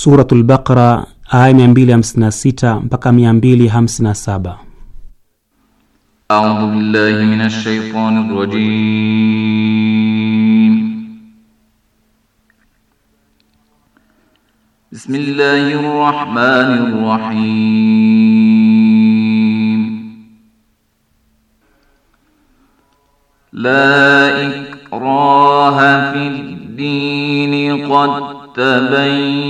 Suratul Baqara aya 256 mpaka 257. A'udhu billahi minash shaitanir rajim. Bismillahir rahmanir rahim. La ikraha fid din qad tabayyin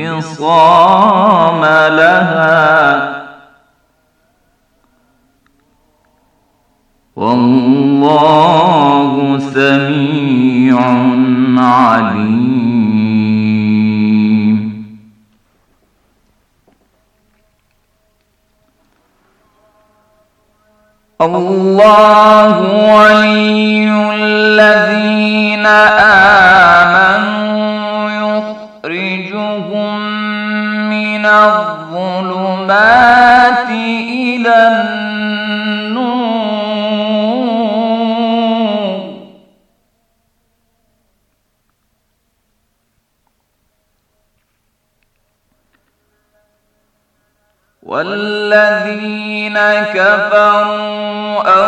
انفصام لها والله سميع عليم الله ولي الذين آمنوا من الظلمات إلى النور والذين كفروا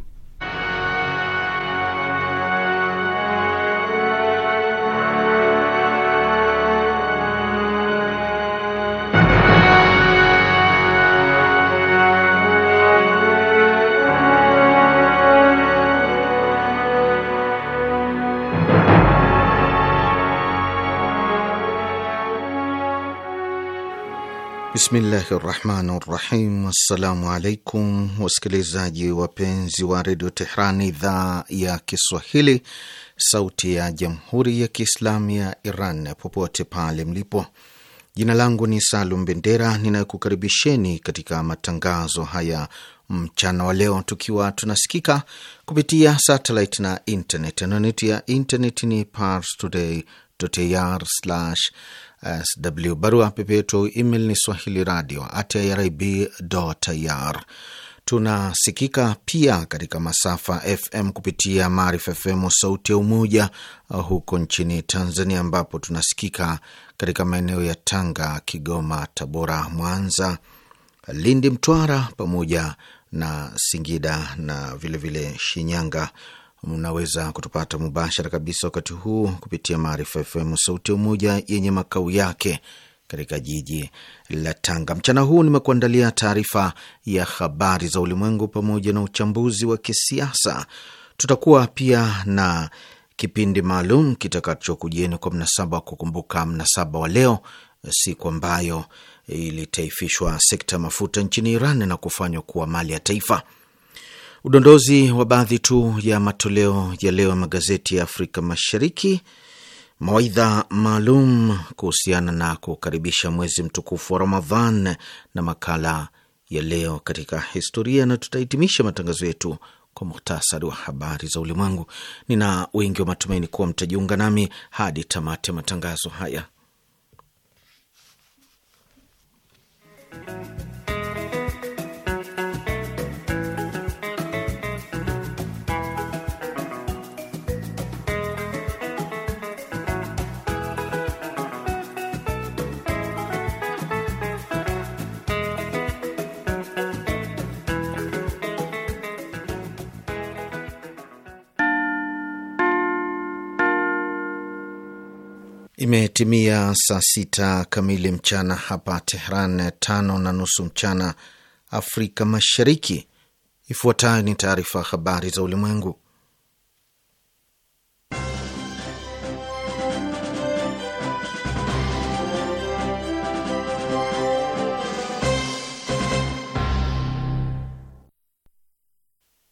Bismillahi rahmani rahim. Assalamu alaikum wasikilizaji wapenzi wa redio Tehran, idhaa ya Kiswahili, sauti ya jamhuri ya kiislamu ya Iran, popote pale mlipo. Jina langu ni Salum Bendera ninayekukaribisheni katika matangazo haya mchana wa leo, tukiwa tunasikika kupitia satellite na internet. Anwani ya internet ni parstoday.ir sw. Barua pepe yetu email ni swahili radio at irib Tunasikika pia katika masafa FM kupitia Maarifa FM sauti ya Umoja uh, huko nchini Tanzania, ambapo tunasikika katika maeneo ya Tanga, Kigoma, Tabora, Mwanza, Lindi, Mtwara pamoja na Singida na vilevile vile Shinyanga mnaweza kutupata mubashara kabisa wakati huu kupitia Maarifa FM sauti ya Umoja yenye makao yake katika jiji la Tanga. Mchana huu nimekuandalia taarifa ya habari za ulimwengu pamoja na uchambuzi wa kisiasa. Tutakuwa pia na kipindi maalum kitakachokujieni kwa mnasaba wa kukumbuka mnasaba wa leo, siku ambayo ilitaifishwa sekta ya mafuta nchini Iran na kufanywa kuwa mali ya taifa udondozi wa baadhi tu ya matoleo ya leo ya magazeti ya Afrika Mashariki, mawaidha maalum kuhusiana na kukaribisha mwezi mtukufu wa Ramadhan na makala ya leo katika historia, na tutahitimisha matangazo yetu kwa muhtasari wa habari za ulimwengu. Nina wingi wa matumaini kuwa mtajiunga nami hadi tamati ya matangazo haya. Imetimia saa sita kamili mchana hapa Tehran, tano na nusu mchana Afrika Mashariki. Ifuatayo ni taarifa ya habari za ulimwengu,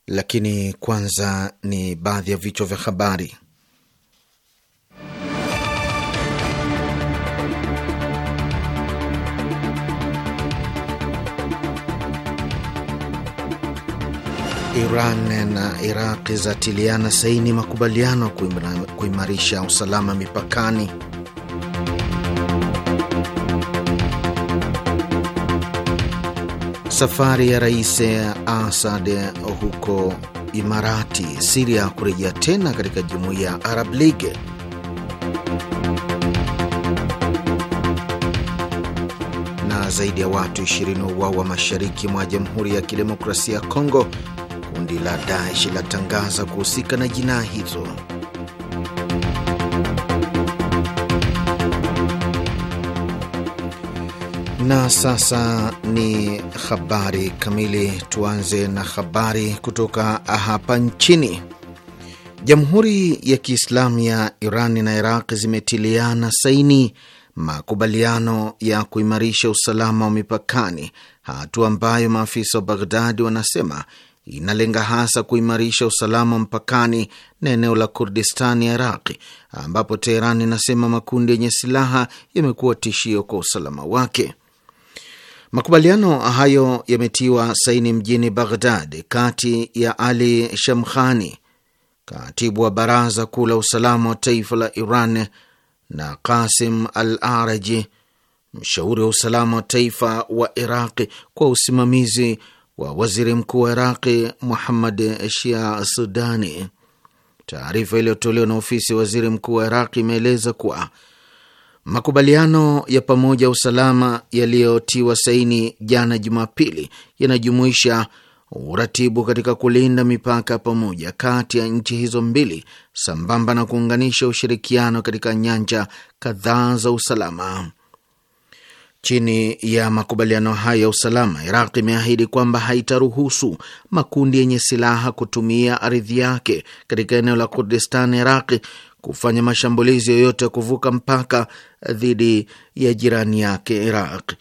lakini kwanza ni baadhi ya vichwa vya habari. Iran na Iraqi zatiliana saini makubaliano kuimarisha usalama mipakani. Safari ya Rais Asad huko Imarati, Siria kurejea tena katika jumuiya ya Arab League. Na zaidi ya watu 20 wauawa mashariki mwa Jamhuri ya Kidemokrasia ya Kongo Kundi la Daesh latangaza kuhusika na jinai hizo. Na sasa ni habari kamili. Tuanze na habari kutoka hapa nchini. Jamhuri ya Kiislamu ya Iran na Iraq zimetiliana saini makubaliano ya kuimarisha usalama wa mipakani, hatua ambayo maafisa wa Baghdadi wanasema inalenga hasa kuimarisha usalama mpakani na eneo la Kurdistani ya Iraqi, ambapo Teheran inasema makundi yenye silaha yamekuwa tishio kwa usalama wake. Makubaliano hayo yametiwa saini mjini Baghdad kati ya Ali Shamkhani, katibu wa baraza kuu la usalama wa taifa la Iran, na Qasim Al Araji, mshauri wa usalama wa taifa wa Iraqi, kwa usimamizi wa waziri mkuu wa Iraqi Muhammad Shia Sudani. Taarifa iliyotolewa na ofisi ya waziri mkuu wa Iraqi imeeleza kuwa makubaliano ya pamoja ya usalama yaliyotiwa saini jana Jumapili yanajumuisha uratibu katika kulinda mipaka pamoja kati ya nchi hizo mbili sambamba na kuunganisha ushirikiano katika nyanja kadhaa za usalama. Chini ya makubaliano hayo ya usalama, Iraq imeahidi kwamba haitaruhusu makundi yenye silaha kutumia ardhi yake katika eneo la Kurdistan Iraqi kufanya mashambulizi yoyote ya kuvuka mpaka dhidi ya jirani yake Iraq.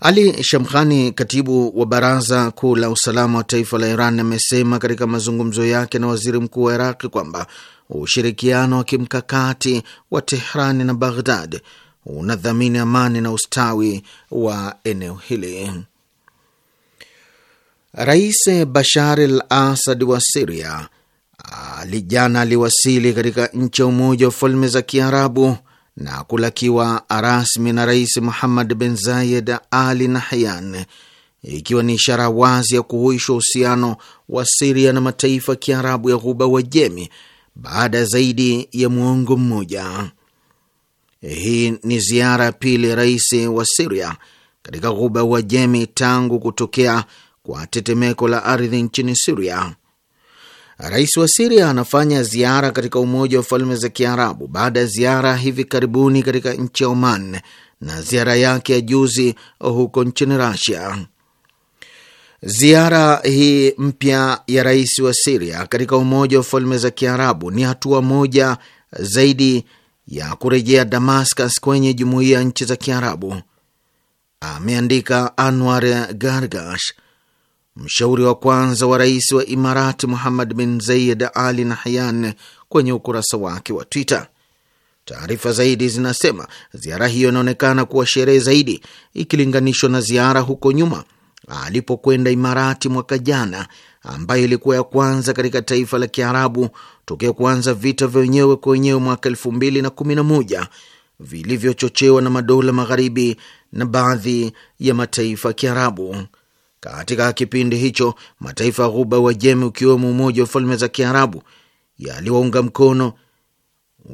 Ali Shamkhani, katibu wa baraza kuu la usalama wa taifa la Iran, amesema katika mazungumzo yake na waziri mkuu wa Iraqi kwamba ushirikiano wa kimkakati wa Tehrani na Baghdad unadhamini amani na ustawi wa eneo hili. Rais Bashar al Asad wa Siria alijana aliwasili katika nchi ya Umoja wa Falme za Kiarabu na kulakiwa rasmi na Rais Muhammad bin Zayed Ali Nahyan, ikiwa ni ishara wazi ya kuhuishwa uhusiano wa Siria na mataifa ya Kiarabu ya Ghuba Wajemi baada ya zaidi ya muongo mmoja. Hii ni ziara ya pili rais wa Siria katika ghuba ya Uajemi tangu kutokea kwa tetemeko la ardhi nchini Siria. Rais wa Siria anafanya ziara katika Umoja wa Falme za Kiarabu baada ya ziara hivi karibuni katika nchi ya Oman na ziara yake ya juzi huko nchini Rasia. Ziara hii mpya ya rais wa Siria katika Umoja wa Falme za Kiarabu ni hatua moja zaidi ya kurejea Damascus kwenye jumuiya ya nchi za Kiarabu, ameandika Anwar Gargash, mshauri wa kwanza wa rais wa Imarati Muhammad bin Zayed Ali Nahyan kwenye ukurasa wake wa Twitter. Taarifa zaidi zinasema ziara hiyo inaonekana kuwa sherehe zaidi ikilinganishwa na ziara huko nyuma alipokwenda Imarati mwaka jana, ambayo ilikuwa ya kwanza katika taifa la Kiarabu tokea kuanza vita vya wenyewe kwa wenyewe mwaka elfu mbili na kumi na moja vilivyochochewa na madola magharibi na baadhi ya mataifa ya Kiarabu. Katika kipindi hicho mataifa ya Ghuba Wajemi, ukiwemo Umoja wa Falme za Kiarabu, yaliwaunga mkono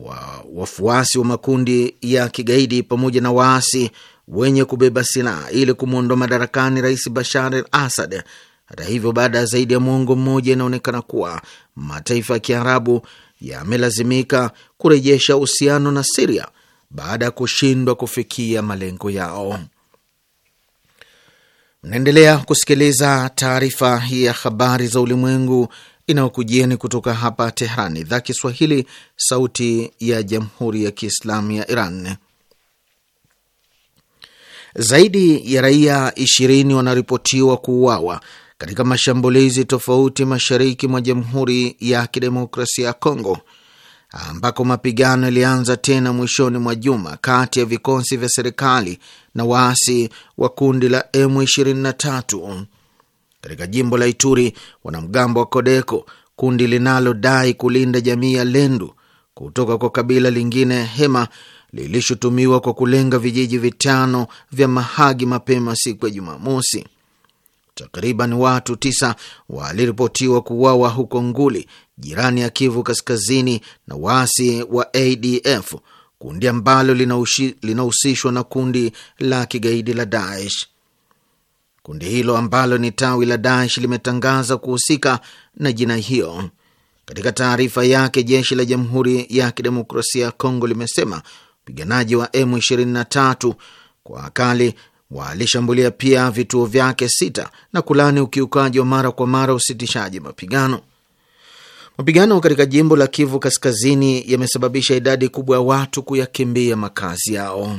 wa wafuasi wa makundi ya kigaidi pamoja na waasi wenye kubeba silaha ili kumwondoa madarakani Rais Bashar al Assad. Hata hivyo, baada ya zaidi ya mwongo mmoja, inaonekana kuwa mataifa ya Kiarabu yamelazimika kurejesha uhusiano na Siria baada ya kushindwa kufikia malengo yao. Mnaendelea kusikiliza taarifa hii ya habari za ulimwengu inayokujieni kutoka hapa Tehrani, idhaa Kiswahili, sauti ya jamhuri ya kiislamu ya Iran. Zaidi ya raia 20 wanaripotiwa kuuawa katika mashambulizi tofauti mashariki mwa Jamhuri ya Kidemokrasia ya Kongo ambako mapigano yalianza tena mwishoni mwa juma kati ya vikosi vya serikali na waasi wa kundi la M23. Katika jimbo la Ituri, wanamgambo wa Kodeko, kundi linalodai kulinda jamii ya Lendu kutoka kwa kabila lingine Hema, lilishutumiwa kwa kulenga vijiji vitano vya Mahagi mapema siku ya Jumamosi. Takriban watu tisa waliripotiwa kuuawa huko Nguli, jirani ya Kivu Kaskazini, na waasi wa ADF, kundi ambalo linahusishwa na kundi la kigaidi la Daesh. Kundi hilo ambalo ni tawi la Daesh limetangaza kuhusika na jinai hiyo. Katika taarifa yake, jeshi la Jamhuri ya Kidemokrasia ya Kongo limesema Wapiganaji wa M23 kwa akali walishambulia pia vituo vyake sita na kulani ukiukaji wa mara kwa mara usitishaji mapigano. Mapigano katika jimbo la Kivu Kaskazini yamesababisha idadi kubwa ya watu kuyakimbia makazi yao.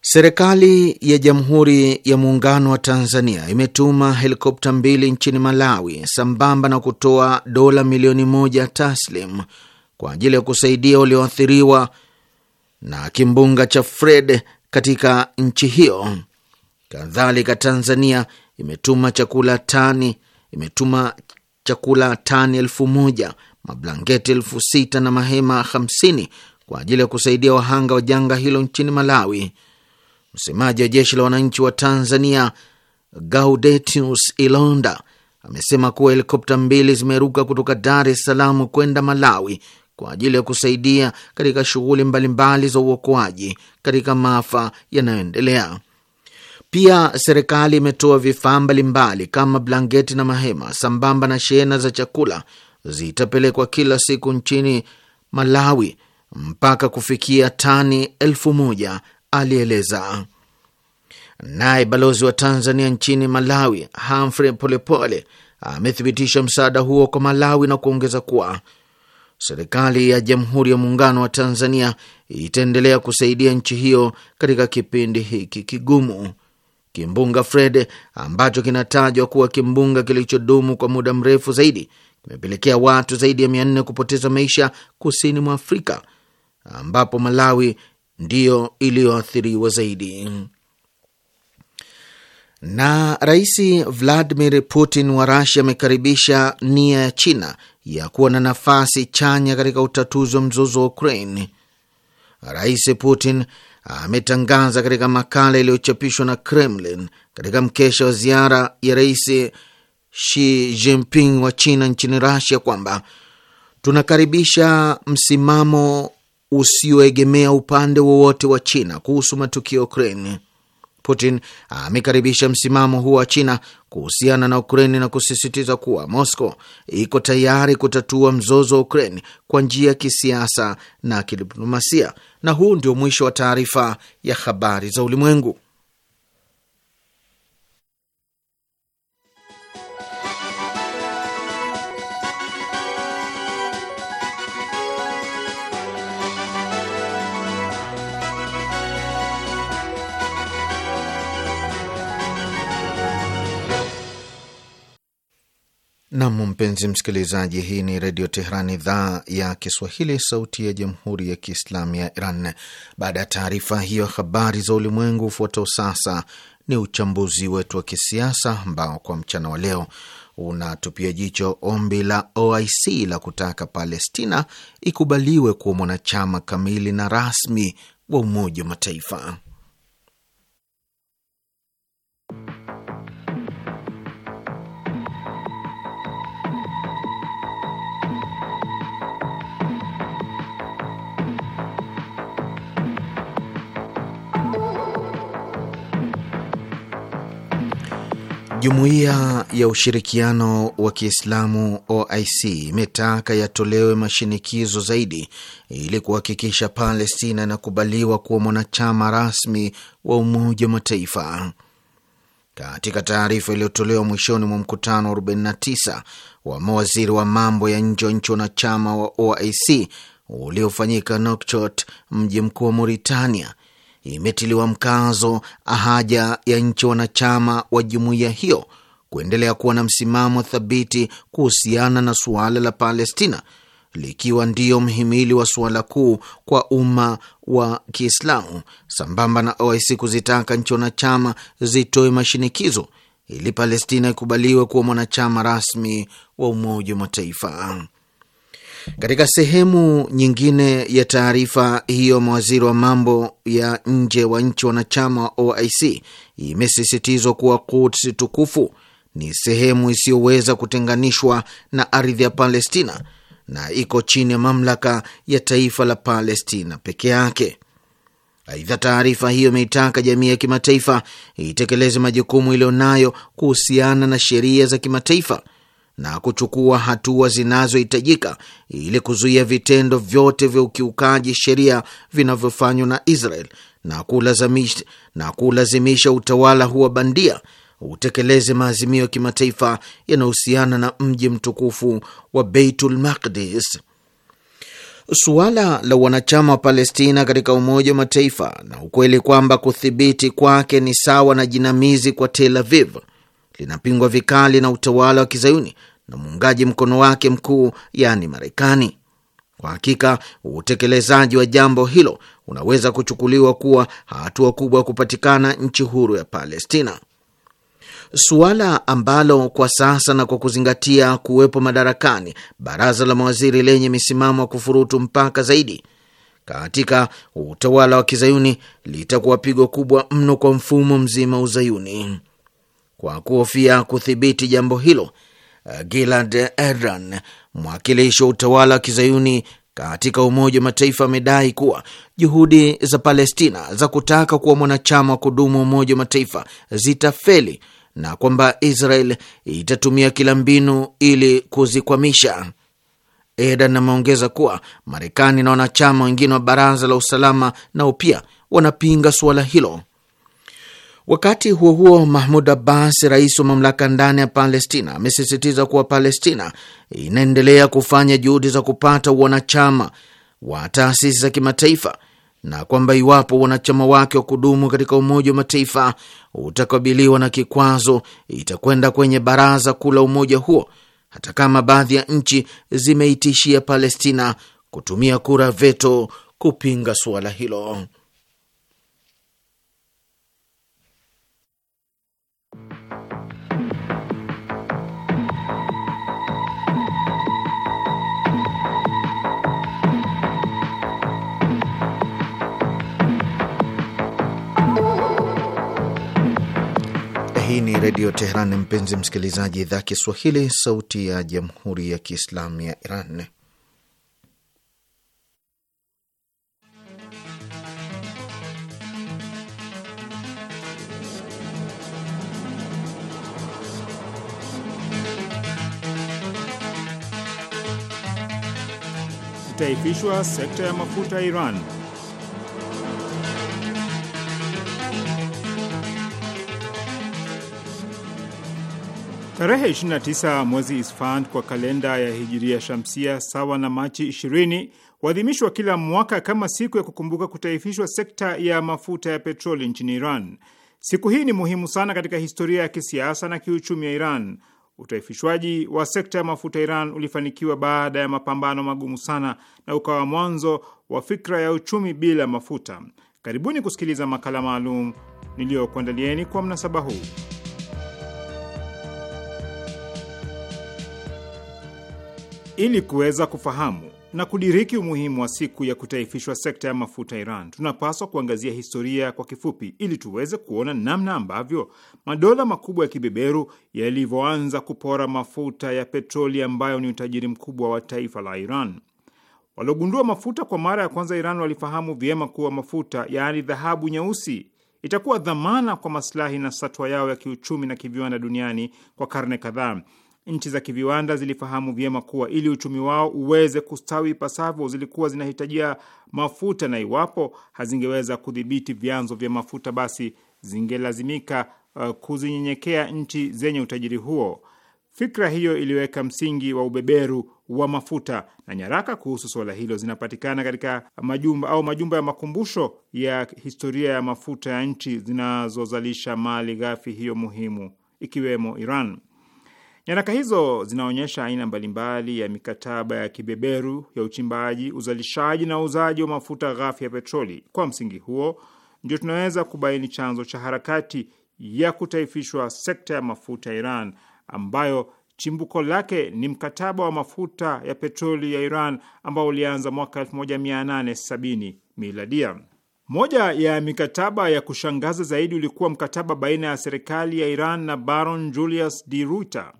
Serikali ya Jamhuri ya Muungano wa Tanzania imetuma helikopta mbili nchini Malawi sambamba na kutoa dola milioni moja taslim kwa ajili ya kusaidia walioathiriwa na kimbunga cha Fred katika nchi hiyo. Kadhalika, Tanzania imetuma chakula tani imetuma chakula tani elfu moja mablanketi elfu sita na mahema hamsini kwa ajili ya kusaidia wahanga wa janga hilo nchini Malawi. Msemaji wa jeshi la wananchi wa Tanzania Gaudetius Ilonda amesema kuwa helikopta mbili zimeruka kutoka Dar es Salaam kwenda Malawi kwa ajili ya kusaidia katika shughuli mbalimbali za uokoaji katika maafa yanayoendelea. Pia serikali imetoa vifaa mbalimbali kama blanketi na mahema sambamba na shehena za chakula zitapelekwa kila siku nchini Malawi mpaka kufikia tani elfu moja, alieleza. Naye balozi wa Tanzania nchini Malawi Humphrey Polepole amethibitisha msaada huo kwa Malawi na kuongeza kuwa serikali ya Jamhuri ya Muungano wa Tanzania itaendelea kusaidia nchi hiyo katika kipindi hiki kigumu. Kimbunga Fred ambacho kinatajwa kuwa kimbunga kilichodumu kwa muda mrefu zaidi kimepelekea watu zaidi ya mia nne kupoteza maisha kusini mwa Afrika, ambapo Malawi ndiyo iliyoathiriwa zaidi. Na Rais Vladimir Putin wa Rasia amekaribisha nia ya China ya kuwa na nafasi chanya katika utatuzi wa mzozo wa Ukraine. Rais Putin ametangaza katika makala iliyochapishwa na Kremlin katika mkesha wa ziara ya Rais Xi Jinping wa China nchini rusia kwamba tunakaribisha msimamo usioegemea upande wowote wa China kuhusu matukio ya Ukraine. Putin amekaribisha msimamo huo wa China kuhusiana na Ukraini na kusisitiza kuwa Moscow iko tayari kutatua mzozo wa Ukraini kwa njia ya kisiasa na kidiplomasia. Na huu ndio mwisho wa taarifa ya habari za ulimwengu. Nam, mpenzi msikilizaji, hii ni Redio Teheran, idhaa ya Kiswahili, sauti ya jamhuri ya kiislamu ya Iran. Baada ya taarifa hiyo habari za ulimwengu, hufuatao sasa ni uchambuzi wetu wa kisiasa ambao kwa mchana wa leo unatupia jicho ombi la OIC la kutaka Palestina ikubaliwe kuwa mwanachama kamili na rasmi wa Umoja wa Mataifa. Jumuiya ya Ushirikiano wa Kiislamu OIC imetaka yatolewe mashinikizo zaidi ili kuhakikisha Palestina inakubaliwa kuwa mwanachama rasmi wa Umoja wa Mataifa. Katika taarifa iliyotolewa mwishoni mwa mkutano wa 49 wa mawaziri wa mambo ya nje wa nchi wanachama wa OIC uliofanyika Nouakchott, mji mkuu wa Mauritania, imetiliwa mkazo haja ya nchi wanachama wa jumuiya hiyo kuendelea kuwa na msimamo thabiti kuhusiana na suala la Palestina, likiwa ndiyo mhimili wa suala kuu kwa umma wa Kiislamu, sambamba na OIC kuzitaka nchi wanachama zitoe mashinikizo ili Palestina ikubaliwe kuwa mwanachama rasmi wa Umoja wa Mataifa. Katika sehemu nyingine ya taarifa hiyo, mawaziri wa mambo ya nje wa nchi wanachama wa OIC imesisitizwa kuwa Quds tukufu ni sehemu isiyoweza kutenganishwa na ardhi ya Palestina na iko chini ya mamlaka ya taifa la Palestina peke yake. Aidha, taarifa hiyo imeitaka jamii ya kimataifa itekeleze majukumu iliyonayo kuhusiana na sheria za kimataifa na kuchukua hatua zinazohitajika ili kuzuia vitendo vyote vya ukiukaji sheria vinavyofanywa na Israel na kulazimisha, na kulazimisha utawala huwa bandia utekeleze maazimio ya kimataifa yanayohusiana na mji mtukufu wa Beitul Maqdis. Suala la wanachama wa Palestina katika Umoja wa Mataifa na ukweli kwamba kuthibiti kwake ni sawa na jinamizi kwa Tel Aviv linapingwa vikali na utawala wa kizayuni na muungaji mkono wake mkuu, yaani Marekani. Kwa hakika utekelezaji wa jambo hilo unaweza kuchukuliwa kuwa hatua kubwa ya kupatikana nchi huru ya Palestina, suala ambalo kwa sasa na kwa kuzingatia kuwepo madarakani baraza la mawaziri lenye misimamo ya kufurutu mpaka zaidi katika utawala wa kizayuni litakuwa pigo kubwa mno kwa mfumo mzima uzayuni kwa kuhofia kudhibiti jambo hilo. Eh, Gilad Erdan, mwakilishi wa utawala wa kizayuni katika Umoja wa Mataifa, amedai kuwa juhudi za Palestina za kutaka kuwa mwanachama wa kudumu wa Umoja wa Mataifa zitafeli na kwamba Israel itatumia kila mbinu ili kuzikwamisha. Erdan ameongeza kuwa Marekani na wanachama wengine wa Baraza la Usalama nao pia wanapinga suala hilo. Wakati huo huo, Mahmud Abbas, rais wa mamlaka ndani ya Palestina, amesisitiza kuwa Palestina inaendelea kufanya juhudi za kupata wanachama wa taasisi za kimataifa na kwamba iwapo wanachama wake wa kudumu katika Umoja wa Mataifa utakabiliwa na kikwazo, itakwenda kwenye Baraza Kuu la umoja huo, hata kama baadhi ya nchi zimeitishia Palestina kutumia kura veto kupinga suala hilo. Hii ni Redio Teheran, mpenzi msikilizaji, idhaa Kiswahili, sauti ya jamhuri ya kiislamu ya Iran. Itaifishwa sekta ya mafuta ya Iran Tarehe 29 mwezi Isfand kwa kalenda ya Hijiria Shamsia, sawa na Machi 20, huadhimishwa kila mwaka kama siku ya kukumbuka kutaifishwa sekta ya mafuta ya petroli nchini Iran. Siku hii ni muhimu sana katika historia ya kisiasa na kiuchumi ya Iran. Utaifishwaji wa sekta ya mafuta Iran ulifanikiwa baada ya mapambano magumu sana na ukawa mwanzo wa fikra ya uchumi bila mafuta. Karibuni kusikiliza makala maalum niliyokuandalieni kwa mnasaba huu. Ili kuweza kufahamu na kudiriki umuhimu wa siku ya kutaifishwa sekta ya mafuta Iran, tunapaswa kuangazia historia kwa kifupi, ili tuweze kuona namna ambavyo madola makubwa ya kibeberu yalivyoanza kupora mafuta ya petroli ambayo ni utajiri mkubwa wa taifa la Iran. Waliogundua mafuta kwa mara ya kwanza Iran walifahamu vyema kuwa mafuta, yaani dhahabu nyeusi, itakuwa dhamana kwa masilahi na satwa yao ya kiuchumi na kiviwanda duniani kwa karne kadhaa nchi za kiviwanda zilifahamu vyema kuwa ili uchumi wao uweze kustawi ipasavyo zilikuwa zinahitajia mafuta, na iwapo hazingeweza kudhibiti vyanzo vya mafuta, basi zingelazimika uh, kuzinyenyekea nchi zenye utajiri huo. Fikra hiyo iliweka msingi wa ubeberu wa mafuta na nyaraka kuhusu suala hilo zinapatikana katika majumba au majumba ya makumbusho ya historia ya mafuta ya nchi zinazozalisha mali ghafi hiyo muhimu ikiwemo Iran. Nyaraka hizo zinaonyesha aina mbalimbali ya mikataba ya kibeberu ya uchimbaji, uzalishaji na uuzaji wa mafuta ghafi ya petroli. Kwa msingi huo, ndio tunaweza kubaini chanzo cha harakati ya kutaifishwa sekta ya mafuta ya Iran ambayo chimbuko lake ni mkataba wa mafuta ya petroli ya Iran ambao ulianza mwaka 1870 miladia. Moja ya mikataba ya kushangaza zaidi ulikuwa mkataba baina ya serikali ya Iran na Baron Julius d Ruyter.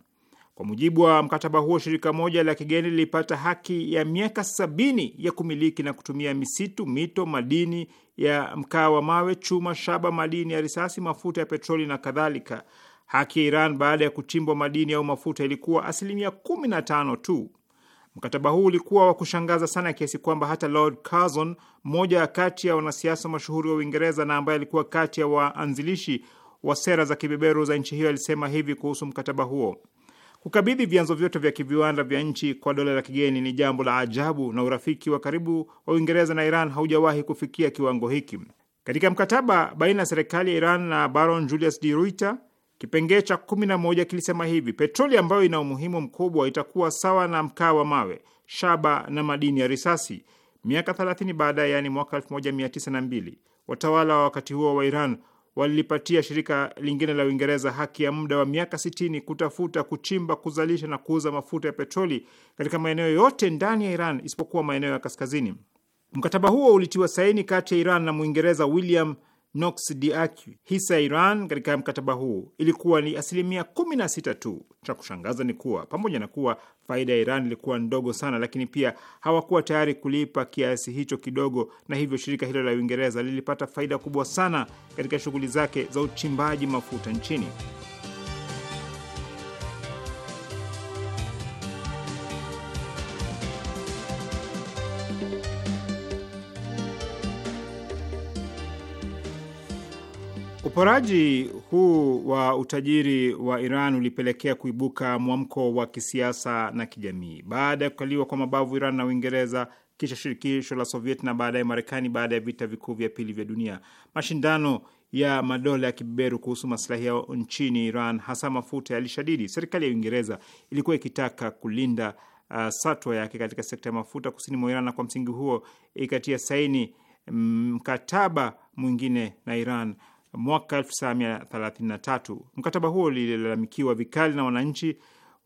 Kwa mujibu wa mkataba huo, shirika moja la kigeni lilipata haki ya miaka sabini ya kumiliki na kutumia misitu, mito, madini ya mkaa wa mawe, chuma, shaba, madini ya risasi, mafuta ya petroli na kadhalika. Haki ya Iran baada ya kuchimbwa madini au mafuta ilikuwa asilimia kumi na tano tu. Mkataba huu ulikuwa wa kushangaza sana kiasi kwamba hata Lord Curzon, mmoja kati ya wanasiasa mashuhuri wa Uingereza na ambaye alikuwa kati ya waanzilishi wa sera za kibeberu za nchi hiyo, alisema hivi kuhusu mkataba huo: Kukabidhi vyanzo vyote vya kiviwanda vya nchi kwa dola la kigeni ni jambo la ajabu, na urafiki wa karibu wa Uingereza na Iran haujawahi kufikia kiwango hiki. Katika mkataba baina ya serikali ya Iran na Baron Julius d Ruyter, kipengee cha 11 kilisema hivi: petroli ambayo ina umuhimu mkubwa itakuwa sawa na mkaa wa mawe, shaba na madini ya risasi. Miaka 30 baadaye, yaani mwaka 1902, watawala wa wakati huo wa Iran walilipatia shirika lingine la Uingereza haki ya muda wa miaka 60 kutafuta, kuchimba, kuzalisha na kuuza mafuta ya petroli katika maeneo yote ndani ya Iran isipokuwa maeneo ya kaskazini. Mkataba huo ulitiwa saini kati ya Iran na Mwingereza William nox Noksdiaki. Hisa ya Iran katika mkataba huu ilikuwa ni asilimia 16 tu. Cha kushangaza ni kuwa pamoja na kuwa faida ya Iran ilikuwa ndogo sana, lakini pia hawakuwa tayari kulipa kiasi hicho kidogo, na hivyo shirika hilo la Uingereza lilipata faida kubwa sana katika shughuli zake za uchimbaji mafuta nchini. Uporaji huu wa utajiri wa Iran ulipelekea kuibuka mwamko wa kisiasa na kijamii baada ya kukaliwa kwa mabavu Iran na Uingereza, kisha shirikisho la soviet na baadaye Marekani baada ya vita vikuu vya pili vya dunia. Mashindano ya madola ya kibeberu kuhusu maslahi yao nchini Iran, hasa mafuta, yalishadidi. Serikali ya Uingereza ilikuwa ikitaka kulinda uh, satwa yake katika sekta ya mafuta kusini mwa Iran, na kwa msingi huo ikatia saini mm, mkataba mwingine na Iran mwaka 1933. Mkataba huo ulilalamikiwa vikali na wananchi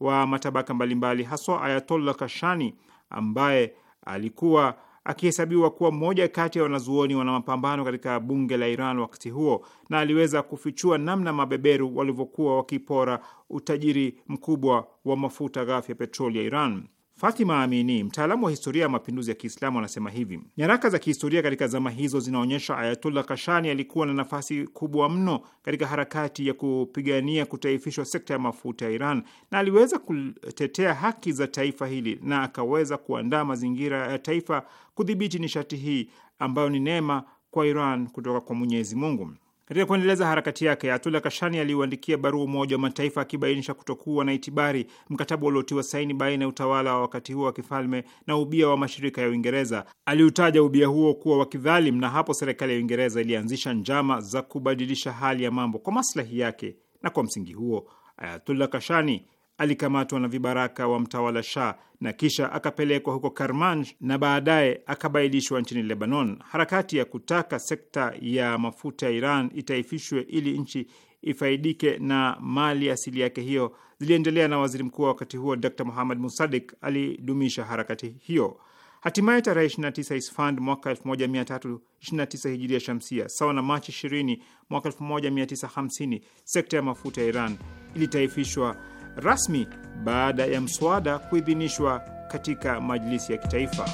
wa matabaka mbalimbali, haswa Ayatollah Kashani ambaye alikuwa akihesabiwa kuwa mmoja kati ya wanazuoni wana mapambano katika bunge la Iran wakati huo, na aliweza kufichua namna mabeberu walivyokuwa wakipora utajiri mkubwa wa mafuta ghafi ya petroli ya Iran. Fatima Amini, mtaalamu wa historia ya mapinduzi ya Kiislamu, anasema hivi: nyaraka za kihistoria katika zama hizo zinaonyesha Ayatullah Kashani alikuwa na nafasi kubwa mno katika harakati ya kupigania kutaifishwa sekta ya mafuta ya Iran, na aliweza kutetea haki za taifa hili na akaweza kuandaa mazingira ya taifa kudhibiti nishati hii ambayo ni neema kwa Iran kutoka kwa Mwenyezi Mungu. Katika kuendeleza harakati yake, Atula Kashani aliuandikia barua Umoja wa Mataifa akibainisha kutokuwa na itibari mkataba uliotiwa saini baina ya utawala wa wakati huo wa kifalme na ubia wa mashirika ya Uingereza. Aliutaja ubia huo kuwa wa kidhalim, na hapo serikali ya Uingereza ilianzisha njama za kubadilisha hali ya mambo kwa maslahi yake, na kwa msingi huo Ayatullah Kashani alikamatwa na vibaraka wa mtawala Shah na kisha akapelekwa huko Karmanj na baadaye akabaidishwa nchini Lebanon. Harakati ya kutaka sekta ya mafuta ya Iran itaifishwe ili nchi ifaidike na mali asili yake hiyo ziliendelea, na waziri mkuu wa wakati huo Dr Muhammad Musadik alidumisha harakati hiyo. Hatimaye tarehe 29 Isfand mwaka 1329 hijiria shamsia, sawa na Machi 20 mwaka 1950, sekta ya mafuta ya Iran ilitaifishwa rasmi baada ya mswada kuidhinishwa katika majlisi ya kitaifa.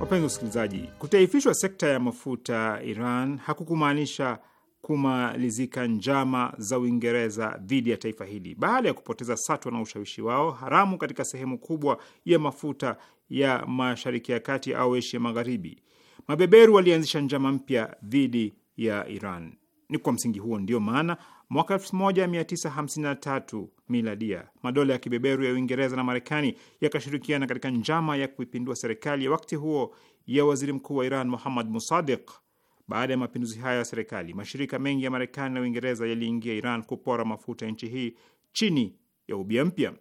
Wapenzi wasikilizaji, kutaifishwa sekta ya mafuta Iran hakukumaanisha kumalizika njama za Uingereza dhidi ya taifa hili. Baada ya kupoteza satwa na ushawishi wao haramu katika sehemu kubwa ya mafuta ya Mashariki ya Kati au Asia Magharibi, mabeberu walianzisha njama mpya dhidi ya Iran. Ni kwa msingi huo ndio maana mwaka 1953 miladia madola ya kibeberu ya Uingereza na Marekani yakashirikiana katika njama ya kuipindua serikali ya wakati huo ya waziri mkuu wa Iran Muhammad Musadik baada ya mapinduzi hayo ya serikali, mashirika mengi ya Marekani na Uingereza yaliingia Iran kupora mafuta ya nchi hii chini ya ubia mpya.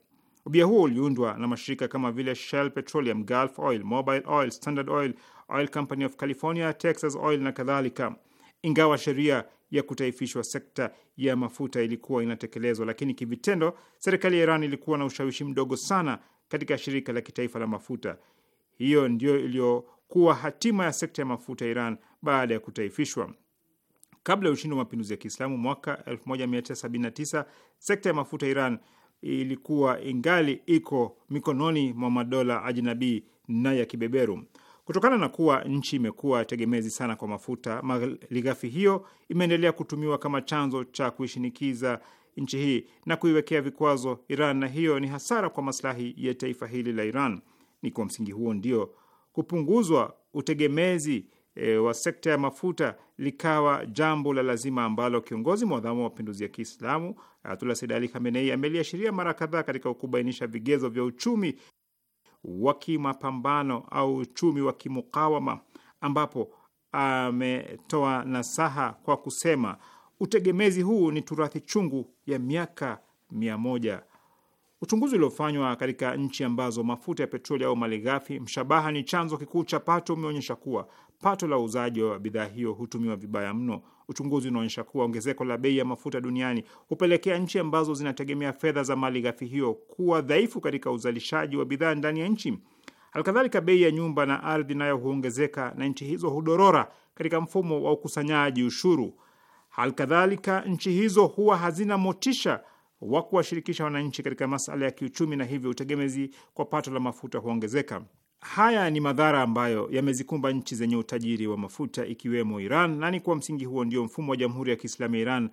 Ubia huo uliundwa na mashirika kama vile Shell Petroleum, Gulf Oil, Mobile Oil, Standard Oil, Oil Company of California, Texas Oil na kadhalika. Ingawa sheria ya kutaifishwa sekta ya mafuta ilikuwa inatekelezwa, lakini kivitendo serikali ya Iran ilikuwa na ushawishi mdogo sana katika shirika la kitaifa la mafuta. Hiyo ndio iliyo kuwa hatima ya sekta ya mafuta ya Iran baada ya kutaifishwa. Kabla ya ushindi wa mapinduzi ya Kiislamu mwaka 1979 sekta ya mafuta ya Iran ilikuwa ingali iko mikononi mwa madola ajnabii na ya kibeberu. Kutokana na kuwa nchi imekuwa tegemezi sana kwa mafuta, malighafi hiyo imeendelea kutumiwa kama chanzo cha kuishinikiza nchi hii na kuiwekea vikwazo Iran, na hiyo ni hasara kwa maslahi ya taifa hili la Iran. Ni kwa msingi huo ndio kupunguzwa utegemezi e, wa sekta ya mafuta likawa jambo la lazima ambalo kiongozi mwadhamu wa mapinduzi ya Kiislamu Ayatullah Sayyid Ali Khamenei ameliashiria mara kadhaa katika kubainisha vigezo vya uchumi wa kimapambano au uchumi wa kimukawama, ambapo ametoa nasaha kwa kusema utegemezi huu ni turathi chungu ya miaka mia moja Uchunguzi uliofanywa katika nchi ambazo mafuta ya petroli au malighafi mshabaha ni chanzo kikuu cha pato umeonyesha kuwa pato la uuzaji wa bidhaa hiyo hutumiwa vibaya mno. Uchunguzi unaonyesha kuwa ongezeko la bei ya mafuta duniani hupelekea nchi ambazo zinategemea fedha za malighafi hiyo kuwa dhaifu katika uzalishaji wa bidhaa ndani ya nchi. Halikadhalika, bei ya nyumba na ardhi nayo huongezeka na nchi hizo hudorora katika mfumo wa ukusanyaji ushuru. Halikadhalika, nchi hizo huwa hazina motisha wa kuwashirikisha wananchi katika masuala ya kiuchumi, na hivyo utegemezi kwa pato la mafuta huongezeka. Haya ni madhara ambayo yamezikumba nchi zenye utajiri wa mafuta ikiwemo Iran, na ni kwa msingi huo ndio mfumo wa Jamhuri ya Kiislamu ya Iran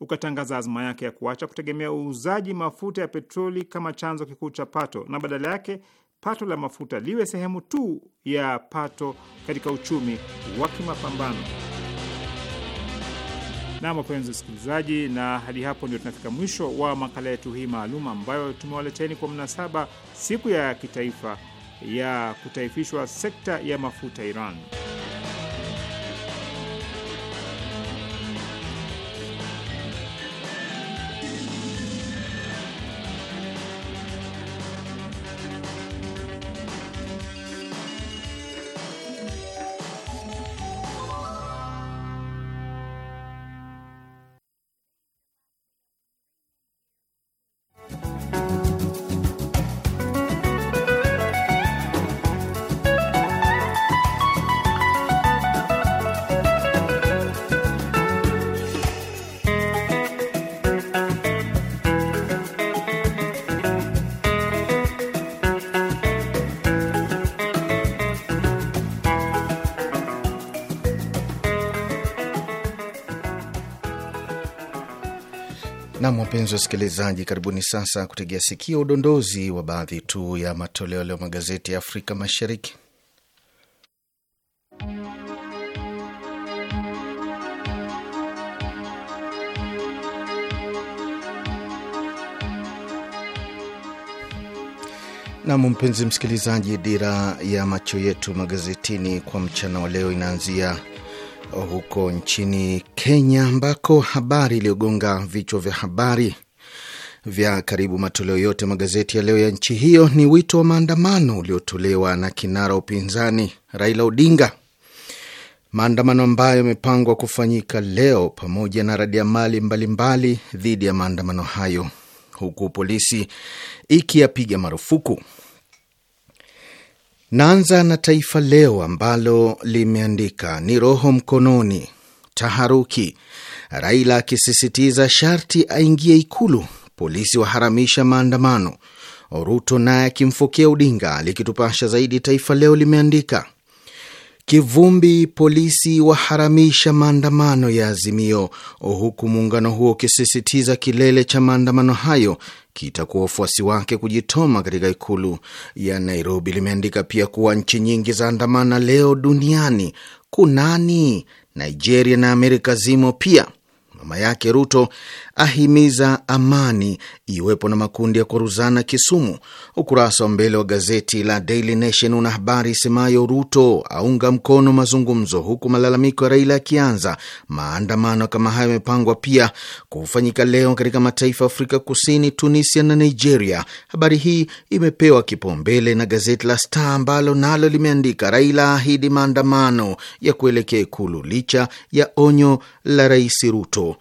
ukatangaza azma yake ya kuacha kutegemea uuzaji mafuta ya petroli kama chanzo kikuu cha pato na badala yake pato la mafuta liwe sehemu tu ya pato katika uchumi wa kimapambano. Nam, wapenzi wasikilizaji, na hadi hapo ndio tunafika mwisho wa makala yetu hii maalum ambayo tumewaleteni kwa mnasaba siku ya kitaifa ya kutaifishwa sekta ya mafuta Iran. wapenzi wasikilizaji, karibuni sasa kutegea sikio udondozi wa baadhi tu ya matoleo leo magazeti ya Afrika Mashariki. Nam, mpenzi msikilizaji, dira ya macho yetu magazetini kwa mchana wa leo inaanzia huko nchini Kenya, ambako habari iliyogonga vichwa vya habari vya karibu matoleo yote magazeti ya leo ya nchi hiyo ni wito wa maandamano uliotolewa na kinara upinzani Raila Odinga, maandamano ambayo yamepangwa kufanyika leo pamoja na mali mbalimbali dhidi ya maandamano hayo, huku polisi ikiyapiga marufuku. Naanza na Taifa Leo ambalo limeandika ni roho mkononi, taharuki, Raila akisisitiza sharti aingie Ikulu, polisi waharamisha maandamano, Ruto naye akimfokea Odinga. Likitupasha zaidi, Taifa Leo limeandika Kivumbi, polisi waharamisha maandamano ya Azimio, huku muungano huo ukisisitiza kilele cha maandamano hayo kitakuwa wafuasi wake kujitoma katika ikulu ya Nairobi. Limeandika pia kuwa nchi nyingi za andamana leo duniani, kunani Nigeria na Amerika zimo pia. Mama yake Ruto ahimiza amani iwepo na makundi ya kuruzana kisumu. Ukurasa wa mbele wa gazeti la Daily Nation una habari isemayo Ruto aunga mkono mazungumzo, huku malalamiko ya Raila yakianza. Maandamano kama hayo yamepangwa pia kufanyika leo katika mataifa ya Afrika Kusini, Tunisia na Nigeria. Habari hii imepewa kipaumbele na gazeti la Star ambalo nalo limeandika Raila ahidi maandamano ya kuelekea Ikulu licha ya onyo la Rais Ruto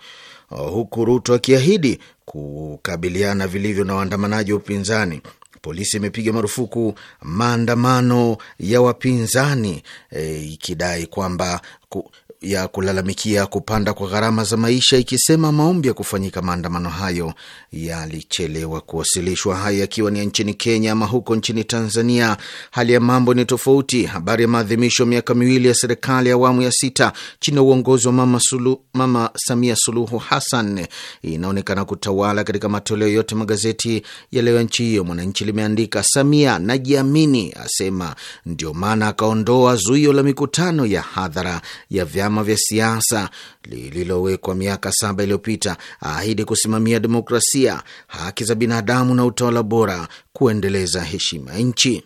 huku Ruto akiahidi kukabiliana vilivyo na waandamanaji wa upinzani. Polisi imepiga marufuku maandamano ya wapinzani e, ikidai kwamba ku, ya kulalamikia kupanda kwa gharama za maisha ikisema maombi ya kufanyika maandamano hayo yalichelewa kuwasilishwa. Haya yakiwa ni nchini Kenya. Ama huko nchini Tanzania, hali ya mambo ni tofauti. Habari ya maadhimisho miaka miwili ya serikali ya awamu ya sita chini ya uongozi wa mama, Sulu, mama Samia Suluhu Hassan inaonekana kutawala katika matoleo yote magazeti ya leo ya nchi hiyo. Mwananchi limeandika Samia najiamini, asema ndio maana akaondoa zuio la mikutano ya hadhara ya vyama vyama vya siasa lililowekwa miaka saba iliyopita ahidi kusimamia demokrasia, haki za binadamu na utawala bora, kuendeleza heshima ya nchi.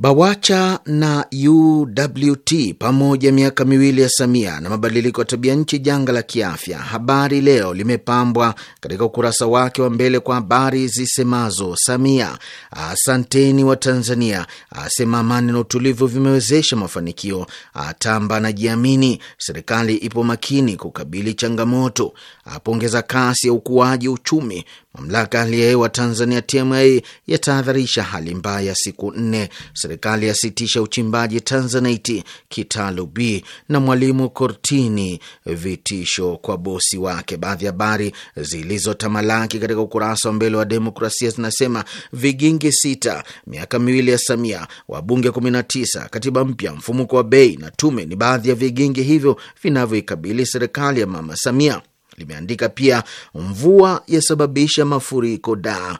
BAWACHA na UWT pamoja miaka miwili ya Samia na mabadiliko ya tabia nchi, janga la kiafya. Habari Leo limepambwa katika ukurasa wake wa mbele kwa habari zisemazo: Samia asanteni wa Tanzania, asema amani na utulivu vimewezesha mafanikio, atamba anajiamini, serikali ipo makini kukabili changamoto, apongeza kasi ya ukuaji uchumi, mamlaka hali ya hewa Tanzania TMA yatahadharisha hali mbaya siku nne serikali yasitisha uchimbaji tanzanite Kitalu B na mwalimu kortini vitisho kwa bosi wake. Baadhi ya habari zilizotamalaki katika ukurasa wa mbele wa Demokrasia zinasema vigingi sita, miaka miwili ya Samia, wabunge 19, katiba mpya, mfumuko wa bei na tume ni baadhi ya vigingi hivyo vinavyoikabili serikali ya Mama Samia. Limeandika pia mvua yasababisha mafuriko daa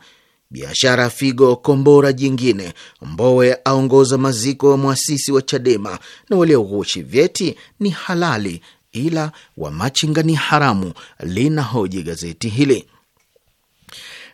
biashara figo kombora jingine. Mbowe aongoza maziko wa mwasisi wa Chadema na walioghushi vyeti ni halali ila wamachinga ni haramu, linahoji gazeti hili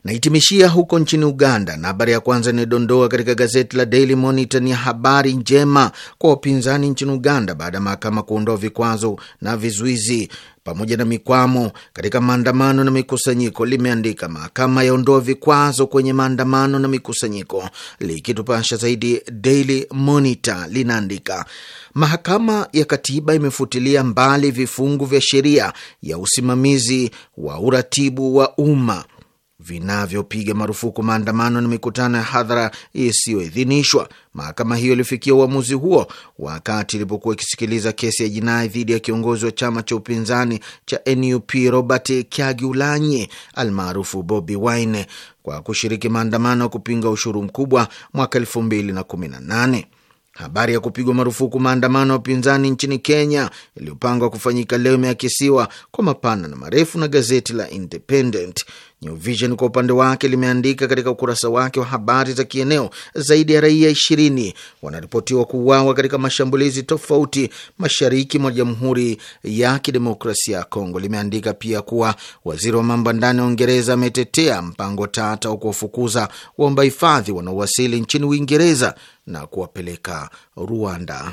naitimishia huko nchini Uganda, na habari ya kwanza inayodondoa katika gazeti la Daily Monitor ni habari njema kwa wapinzani nchini Uganda baada ya mahakama kuondoa vikwazo na vizuizi pamoja na mikwamo katika maandamano na mikusanyiko, limeandika. Mahakama yaondoa vikwazo kwenye maandamano na mikusanyiko. Likitupasha zaidi, Daily Monitor linaandika mahakama ya katiba imefutilia mbali vifungu vya sheria ya usimamizi wa uratibu wa umma vinavyopiga marufuku maandamano na mikutano ya hadhara isiyoidhinishwa. Mahakama hiyo ilifikia uamuzi huo wakati ilipokuwa ikisikiliza kesi ya jinai dhidi ya kiongozi wa chama cha upinzani cha NUP Robert Kyagulanyi almaarufu Bobi Wine kwa kushiriki maandamano ya kupinga ushuru mkubwa mwaka elfu mbili na kumi na nane. Habari ya kupigwa marufuku maandamano ya upinzani nchini Kenya iliyopangwa kufanyika leo imeakisiwa kwa mapana na marefu na gazeti la Independent. New Vision kwa upande wake limeandika katika ukurasa wake wa habari za kieneo, zaidi ya raia 20 wanaripotiwa kuuawa katika mashambulizi tofauti mashariki mwa Jamhuri ya Kidemokrasia ya Kongo. Limeandika pia kuwa waziri wa mambo ndani ya Uingereza ametetea mpango tata wa kuwafukuza waomba hifadhi wanaowasili nchini Uingereza na kuwapeleka Rwanda.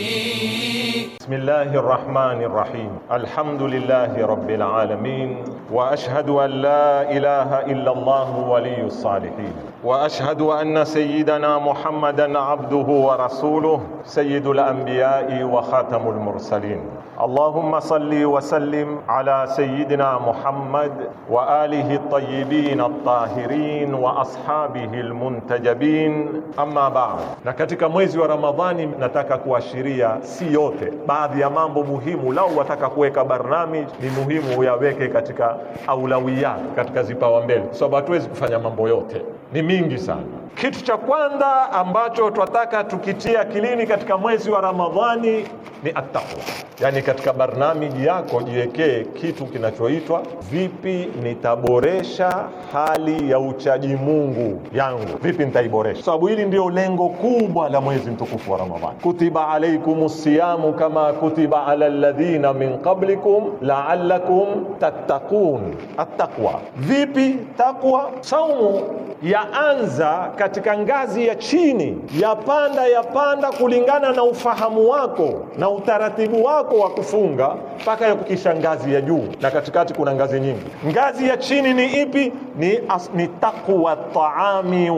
بسم الله الرحمن الرحيم الحمد لله رب العالمين واشهد ان لا اله الا الله ولي الصالحين واشهد ان سيدنا محمدا عبده ورسوله سيد الانبياء وخاتم المرسلين اللهم صل وسلم على ala محمد Muhammad wa alihi واصحابه المنتجبين اما بعد wa ashabihi amma Na katika mwezi wa Ramadhani nataka kuashiria si yote, baadhi ya mambo muhimu, lau wataka kuweka barnamij ni muhimu uyaweke katika aulawiyat, katika zipawa mbele, kwa sababu hatuwezi kufanya mambo yote, ni mingi sana kitu cha kwanza ambacho twataka tukitia akilini katika mwezi wa Ramadhani ni attaqwa, yaani katika barnamiji yako jiwekee kitu kinachoitwa vipi nitaboresha hali ya uchaji Mungu yangu, vipi nitaiboresha? Sababu hili ndio lengo kubwa la mwezi mtukufu wa Ramadhani. Kutiba alaikum siyamu kama kutiba ala alladhina min qablikum la'allakum tattaqun. Attaqwa vipi? Takwa saumu yaanza katika ngazi ya chini, yapanda yapanda kulingana na ufahamu wako na utaratibu wako wa kufunga mpaka yakukisha ngazi ya juu, na katikati kuna ngazi nyingi. Ngazi ya chini ni ipi? Ni, ni takwa taami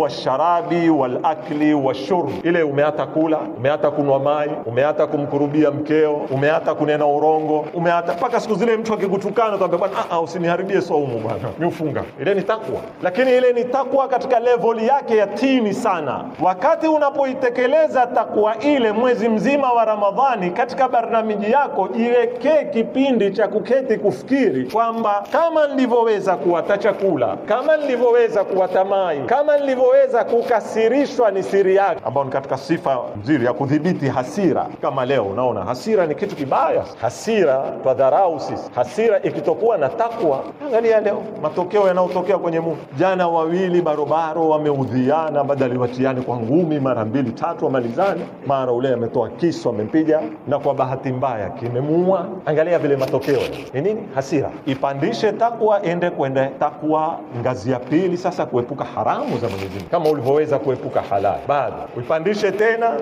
akli walakli shurb ile umeata kula, umeata kunwa mai umeata kumkurubia mkeo, umeata kunena urongo, umeata mpaka siku zile mtu akikutukana utaambia bwana, a, ah, ah, usiniharibie saumu bwana, niufunga. Ile ni takwa, lakini ile ni takwa katika level yake ya yatini sana wakati unapoitekeleza takwa ile mwezi mzima wa Ramadhani. Katika barnamiji yako jiwekee kipindi cha kuketi kufikiri kwamba kama nilivyoweza kuwata chakula, kama nilivyoweza kuwata mai, kama nilivyoweza kukasirishwa ni siri yake, ambao ni katika sifa nzuri ya kudhibiti hasira. Kama leo unaona hasira ni kitu kibaya, hasira twadharau sisi. Hasira ikitokuwa na takwa, angalia leo matokeo yanayotokea kwenye mu Jana wawili barobaro wameudhia wamepigana, badali watiane kwa ngumi mara mbili tatu, wamalizane. Mara ule ametoa kisu amempiga, na kwa bahati mbaya kimemuua. Angalia vile matokeo ni nini? Hasira ipandishe takwa, ende kwenda takwa ngazi ya pili, sasa kuepuka haramu za Mwenyezi Mungu kama ulivyoweza kuepuka halali, bado uipandishe tena,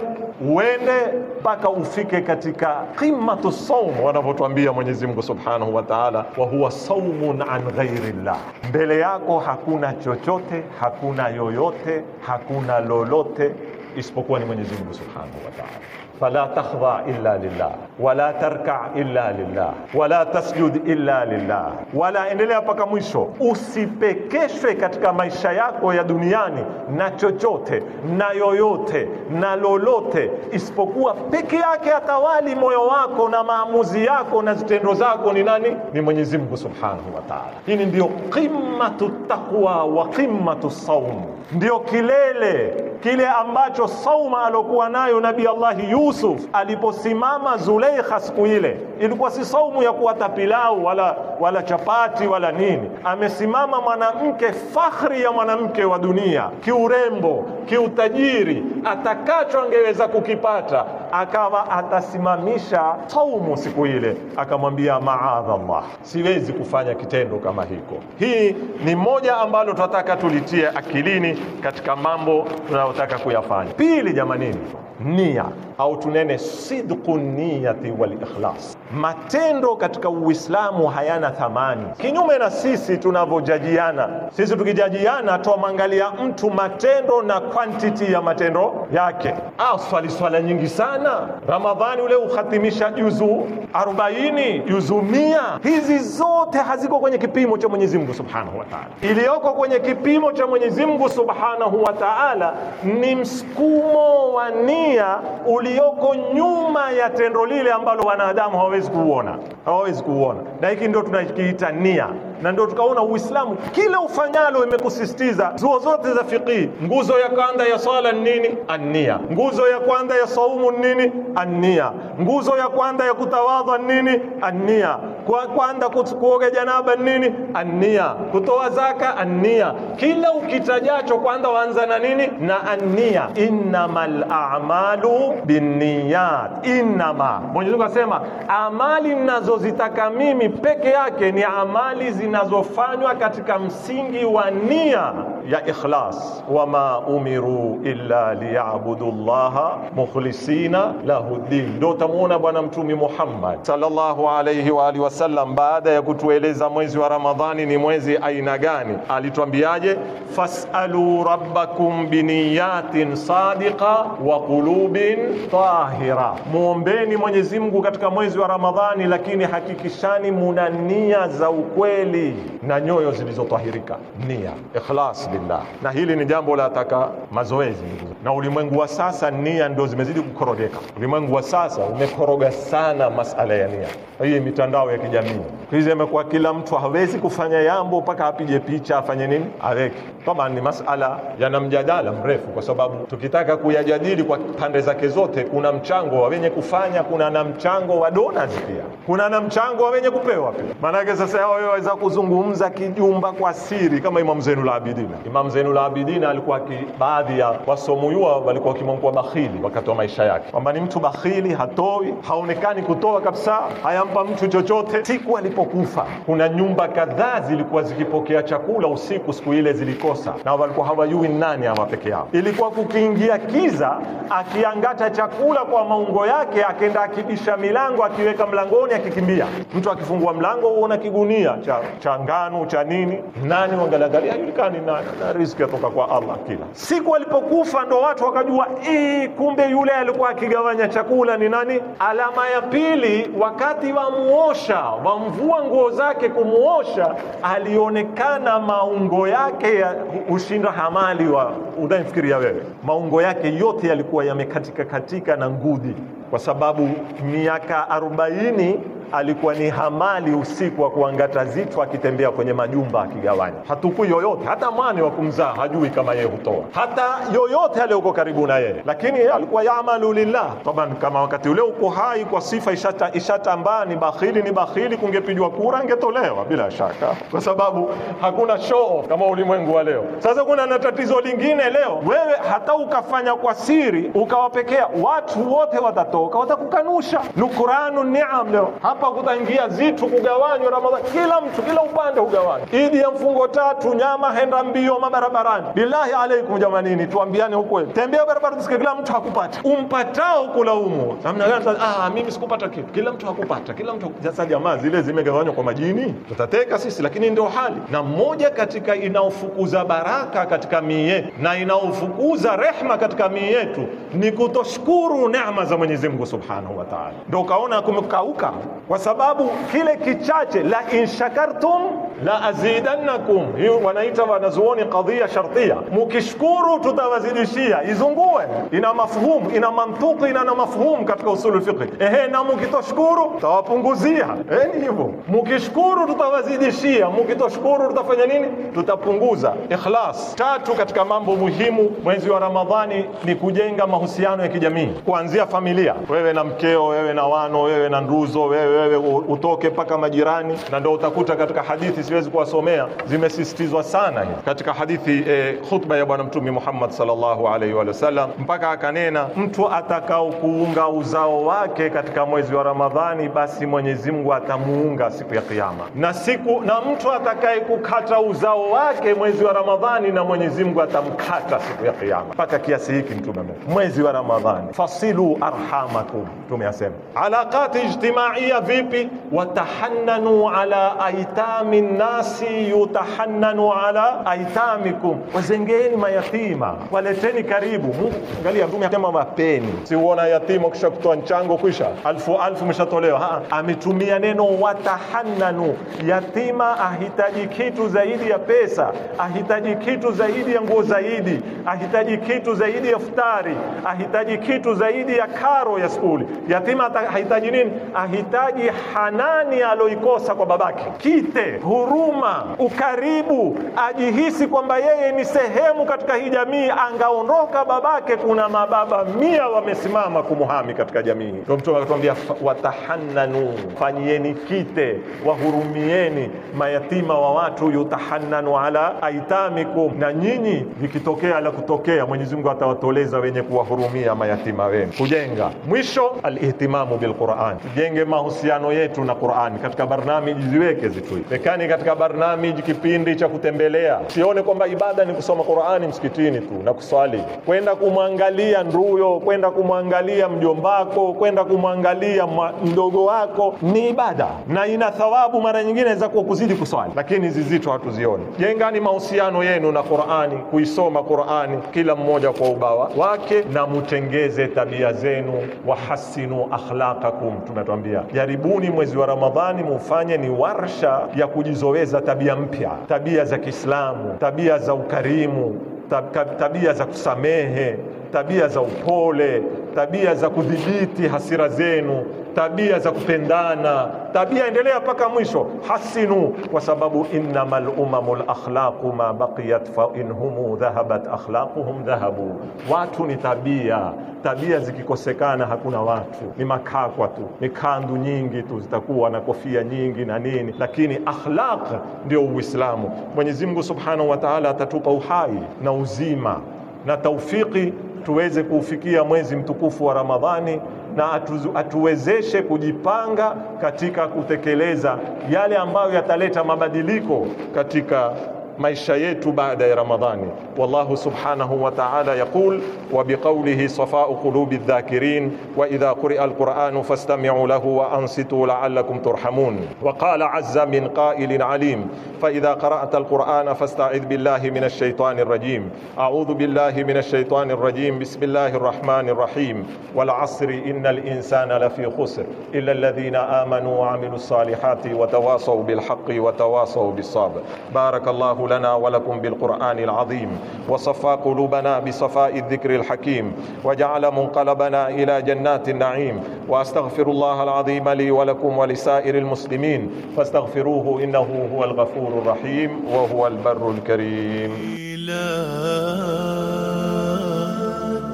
uende mpaka ufike katika qimmatu saum, wanavyotuambia Mwenyezi Mungu Subhanahu wa Ta'ala, wa huwa saumun an ghairi llah. Mbele yako hakuna chochote, hakuna yoyote hakuna lolote isipokuwa ni Mwenyezi Mungu Subhanahu wa Ta'ala fala takhda illa lillah wala tarka illa lillah wala tasjud illa lillah wala, endelea mpaka mwisho. Usipekeshwe katika maisha yako ya duniani na chochote na yoyote na lolote isipokuwa peke yake atawali moyo wako na maamuzi yako na zitendo zako ni nani? Ni Mwenyezi Mungu Subhanahu wa Ta'ala. Hii ndio qimmatu taqwa wa qimmatu saum ndio kilele kile ambacho sauma alokuwa nayo Nabii Allahi Yusuf aliposimama Zuleikha siku ile, ilikuwa si saumu ya kuwata pilau wala, wala chapati wala nini. Amesimama mwanamke fakhri ya mwanamke wa dunia, kiurembo, kiutajiri, atakacho angeweza kukipata akawa atasimamisha saumu siku ile, akamwambia maadha Allah, siwezi kufanya kitendo kama hiko. Hii ni moja ambalo tunataka tulitie akilini katika mambo tunayotaka kuyafanya. Pili, jamanini, nia au tunene sidqu niyati wal ikhlas. Matendo katika Uislamu hayana thamani, kinyume na sisi tunavyojajiana. Sisi tukijajiana twamwangalia mtu matendo na quantity ya matendo yake, swali swala nyingi sana, Ramadhani ule ukhatimisha juzu 40 juzu mia. Hizi zote haziko kwenye kipimo cha Mwenyezi Mungu subhanahu wa taala. Iliyoko kwenye kipimo cha Mwenyezi Mungu subhanahu wa taala ni msukumo wa nia uli yaliyoko nyuma ya tendo lile ambalo wanadamu hawawezi kuuona, hawawezi kuuona, na hiki ndio tunakiita nia na ndio tukaona Uislamu kila ufanyalo imekusisitiza zuo zote za fiqhi. Nguzo ya kwanza ya sala nini? Ania. Nguzo ya kwanza ya saumu nini? Ania. Nguzo ya kwanza ya kutawadha nini? Ania. Kwa kwanza kuoga janaba nini? Ania. Kutoa zaka ania. Kila ukitajacho kwanza waanza na nini? Na ania. Innamal a'malu binniyat. Innama, Mwenyezi Mungu asema amali ninazozitaka mimi peke yake ni amali zina zinazofanywa katika msingi wa nia ya ikhlas, wama umiru illa liyabudu llaha mukhlisina lahu ddin. Ndio utamuona Bwana Mtume Muhammad sallallahu alayhi wa alihi wasallam, baada ya kutueleza mwezi wa Ramadhani ni mwezi aina gani, alituambiaje? fasalu rabbakum biniyatin sadiqa wa qulubin tahira, muombeni Mwenyezi Mungu katika mwezi wa Ramadhani, lakini hakikishani muna nia za ukweli na nyoyo zilizotahirika. Nia ikhlas billah, na hili ni jambo la taka mazoezi. Na ulimwengu wa sasa nia ndio zimezidi kukorogeka. Ulimwengu wa sasa umekoroga sana masala ya nia. Hii mitandao ya kijamii hizi imekuwa kila mtu hawezi kufanya jambo mpaka apige picha afanye nini aweke. Kama ni masala yana mjadala mrefu, kwa sababu tukitaka kuyajadili kwa pande zake zote, kuna mchango wa wenye kufanya, kuna na mchango wa donors pia, kuna na mchango wa wenye kupewa pia. Maanake sasa hao waweza kuzungumza kijumba kwa siri kama Imam Zainul Abidin Imam Zainul Abidin alikuwa baadhi ya wasomuyua walikuwa wakimwambia bakhili wakati wa maisha yake kwamba ni mtu bakhili, hatoi, haonekani kutoa kabisa, hayampa mtu chochote. Siku alipokufa kuna nyumba kadhaa zilikuwa zikipokea chakula usiku, siku ile zilikosa, na walikuwa hawajui nani ama peke yao. Ilikuwa kukiingia kiza, akiangata chakula kwa maungo yake, akenda akibisha milango, akiweka mlangoni, akikimbia. Mtu akifungua mlango huona kigunia cha, cha ngano cha nini, nani wangalagalia, hajulikani nani na riziki yatoka kwa Allah kila siku. Alipokufa ndo watu wakajua, ee, kumbe yule alikuwa akigawanya chakula ni nani? Alama ya pili, wakati wamuosha, wamvua nguo zake kumuosha, alionekana maungo yake ya ushinda hamali wa unayemfikiria wewe, maungo yake yote yalikuwa yamekatika katika na ngudi kwa sababu miaka arobaini alikuwa ni hamali usiku wa kuangata zitu akitembea kwenye majumba akigawanya. Hatukui yoyote, hata mwani wa kumzaa hajui kama yeye hutoa, hata yoyote aliyoko karibu na yeye, lakini yeye alikuwa yaamalu lillah taban. Kama wakati ule uko hai kwa sifa ishata ishatambaa, ni bakhili ni bakhili, kungepijwa kura angetolewa bila shaka, kwa sababu hakuna show kama ulimwengu wa leo. Sasa kuna na tatizo lingine leo, wewe hata ukafanya kwa siri ukawapekea watu wote watato watatoka watakukanusha. Nukuranu niam leo hapa kutangia zitu kugawanywa Ramadhani, kila mtu kila upande hugawanywa. Idi ya mfungo tatu, nyama henda mbio mabarabarani. Billahi alaikum jamanini, tuambiane ukweli. Tembea barabara tusikie, kila mtu hakupata. Umpatao kulaumu namna gani? Ah, mimi sikupata kitu. Kila mtu hakupata, kila mtu sasa. Jamaa zile zimegawanywa kwa majini, tutateka sisi, lakini ndio hali. Na moja katika inaofukuza baraka katika mii yetu na inaofukuza rehma katika mii yetu ni kutoshukuru neema za Mwenyezi Mungu subhanahu wa taala. Ndo ukaona kumekauka, kwa sababu kile kichache, la in la azidannakum, hiyo wanaita wanazuoni qadhia shartia, mukishukuru tutawazidishia. Izungue, ina mafhumu, ina mantuki, ina na mafhumu katika usulul fiqh. Ehe, na mukitoshukuru tutawapunguzia. Ehe, ni hivyo, mukishukuru tutawazidishia, mukitoshukuru tutafanya nini? Tutapunguza. Ikhlas tatu katika mambo muhimu mwezi wa Ramadhani ni kujenga mahusiano ya kijamii kuanzia familia wewe na mkeo, wewe na wano, wewe na nduzo, wewe wewe utoke mpaka majirani, na ndio utakuta katika hadithi, siwezi kuwasomea, zimesisitizwa sana hii katika hadithi eh, khutba ya Bwana Mtume Muhammad sallallahu alaihi wa sallam, mpaka akanena, mtu atakao kuunga uzao wake katika mwezi wa Ramadhani, basi Mwenyezi Mungu atamuunga siku ya Kiyama, na siku na mtu atakaye kukata uzao wake mwezi wa Ramadhani, na Mwenyezi Mungu atamkata siku ya Kiyama. Mpaka kiasi hiki Mtume mwezi wa Ramadhani, fasilu arham ma'amakum, tumeyasema alaqati ijtimaia vipi, watahannanu ala aitami nasi, yutahannanu ala aitamikum, wazengeni mayatima, waleteni karibu. Angalia Mtume anasema mapeni, si uona yatima kisha kutoa mchango kisha alfu alfu mshatolewa. Ametumia neno watahannanu, yatima ahitaji kitu zaidi ya pesa, ahitaji kitu zaidi ya nguo zaidi, ahitaji kitu zaidi ya futari, ahitaji kitu zaidi ya karo ya skuli. Yatima hahitaji nini? Ahitaji hanani aloikosa kwa babake, kite, huruma, ukaribu, ajihisi kwamba yeye ni sehemu katika hii jamii. Angaondoka babake, kuna mababa mia wamesimama kumuhami katika jamii. Ndio Mtume akatuambia, watahananu, fanyieni kite, wahurumieni mayatima wa watu, yutahananu ala aitamikum, na nyinyi vikitokea la kutokea, Mwenyezi Mungu atawatoleza wenye kuwahurumia mayatima wenu. Kujenga Mwisho, alihtimamu bilquran, tujenge mahusiano yetu na Qurani katika barnamiji, ziweke zitui pekani katika barnamiji, kipindi cha kutembelea. Sione kwamba ibada ni kusoma Qurani msikitini tu na kuswali, kwenda kumwangalia nduyo, kwenda kumwangalia mjombako, kwenda kumwangalia mdogo wako ni ibada na ina thawabu mara nyingine za kuwa kuzidi kuswali, lakini zizito hatuzioni. Jengani mahusiano yenu na Qurani, kuisoma Qurani kila mmoja kwa ubawa wake, na mutengeze tabia zenu wahasinu akhlaqakum, tunatwambia jaribuni mwezi wa Ramadhani mufanye ni warsha ya kujizoweza tabia mpya, tabia za Kiislamu, tabia za ukarimu, tabia za kusamehe, tabia za upole, tabia za kudhibiti hasira zenu tabia za kupendana, tabia endelea mpaka mwisho, hasinu, kwa sababu innamal umamul lakhlaqu ma baqiyat fa inhumu dhahabat akhlaquhum dhahabu. Watu ni tabia, tabia zikikosekana hakuna watu, ni makakwa tu, ni kandu nyingi tu zitakuwa na kofia nyingi na nini, lakini akhlaq ndio Uislamu. Mwenyezi Mungu subhanahu wa taala atatupa uhai na uzima na taufiki tuweze kuufikia mwezi mtukufu wa Ramadhani na atuzu, atuwezeshe kujipanga katika kutekeleza yale ambayo yataleta mabadiliko katika maisha yetu baada ya Ramadhani. Wallahu subhanahu wa ta'ala yaqul wa biqawlihi safa'u qulubi dhakirin wa idha quri'a alquran fastami'u lahu wa ansitu la'allakum turhamun. Wa qala 'azza min qa'ilin 'alim fa idha qara'ta alquran fasta'idh billahi minash shaitanir rajim. A'udhu billahi minash shaitanir rajim. Bismillahir rahmanir rahim. Wal 'asri innal insana lafi khusr illa alladhina amanu wa 'amilus salihati wa tawasaw bil haqqi wa tawasaw bis sabr. Barakallahu لنا ولكم بالقرآن العظيم وصفى قلوبنا بصفاء الذكر الحكيم وجعل منقلبنا إلى جنات النعيم وأستغفر الله العظيم لي ولكم ولسائر المسلمين فاستغفروه إنه هو الغفور الرحيم وهو البر الكريم لا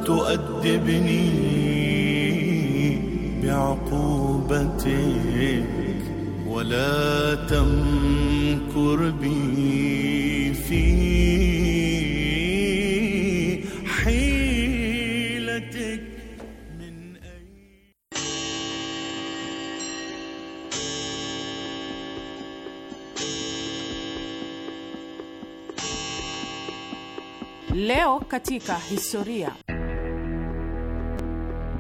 تؤدبني بعقوبتك ولا تمكر بي Leo katika historia.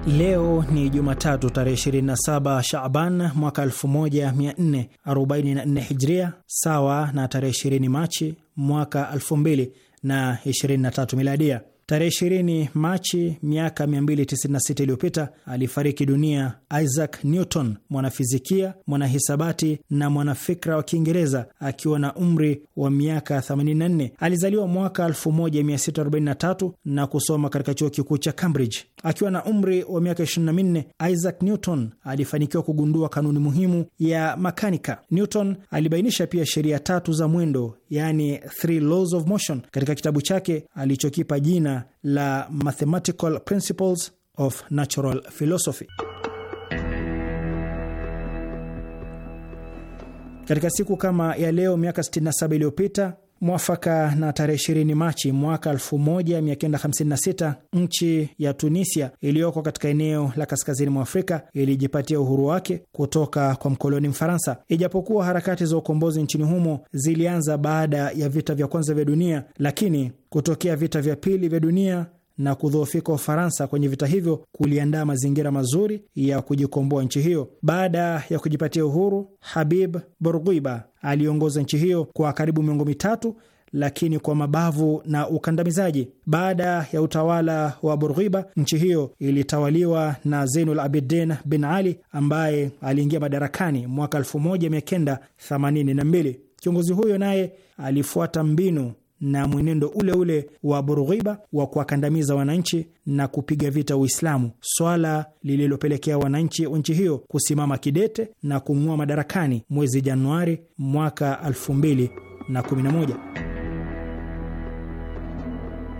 Leo ni Jumatatu tarehe 27 Shaban mwaka 1444 hijria sawa na tarehe 20 Machi mwaka 2023 miladia. Tarehe 20 Machi miaka 296 iliyopita alifariki dunia Isaac Newton, mwanafizikia, mwanahisabati na mwanafikra wa Kiingereza akiwa na umri wa miaka 84. Alizaliwa mwaka 1643 na kusoma katika chuo kikuu cha Cambridge. Akiwa na umri wa miaka 24, Isaac Newton alifanikiwa kugundua kanuni muhimu ya makanika. Newton alibainisha pia sheria tatu za mwendo, yani three laws of motion, katika kitabu chake alichokipa jina la Mathematical Principles of Natural Philosophy. Katika siku kama ya leo miaka 67 iliyopita mwafaka na tarehe 20 Machi mwaka 1956 nchi ya Tunisia iliyoko katika eneo la kaskazini mwa Afrika ilijipatia uhuru wake kutoka kwa mkoloni Mfaransa. Ijapokuwa harakati za ukombozi nchini humo zilianza baada ya vita vya kwanza vya dunia, lakini kutokea vita vya pili vya dunia na kudhoofika Ufaransa kwenye vita hivyo kuliandaa mazingira mazuri ya kujikomboa nchi hiyo. Baada ya kujipatia uhuru, Habib Bourguiba aliongoza nchi hiyo kwa karibu miongo mitatu, lakini kwa mabavu na ukandamizaji. Baada ya utawala wa Bourguiba, nchi hiyo ilitawaliwa na Zeinul Abidin bin Ali ambaye aliingia madarakani mwaka 1982. Kiongozi huyo naye alifuata mbinu na mwenendo ule ule wa Burughiba wa kuwakandamiza wananchi na kupiga vita Uislamu, swala lililopelekea wananchi wa nchi hiyo kusimama kidete na kumng'oa madarakani mwezi Januari mwaka 2011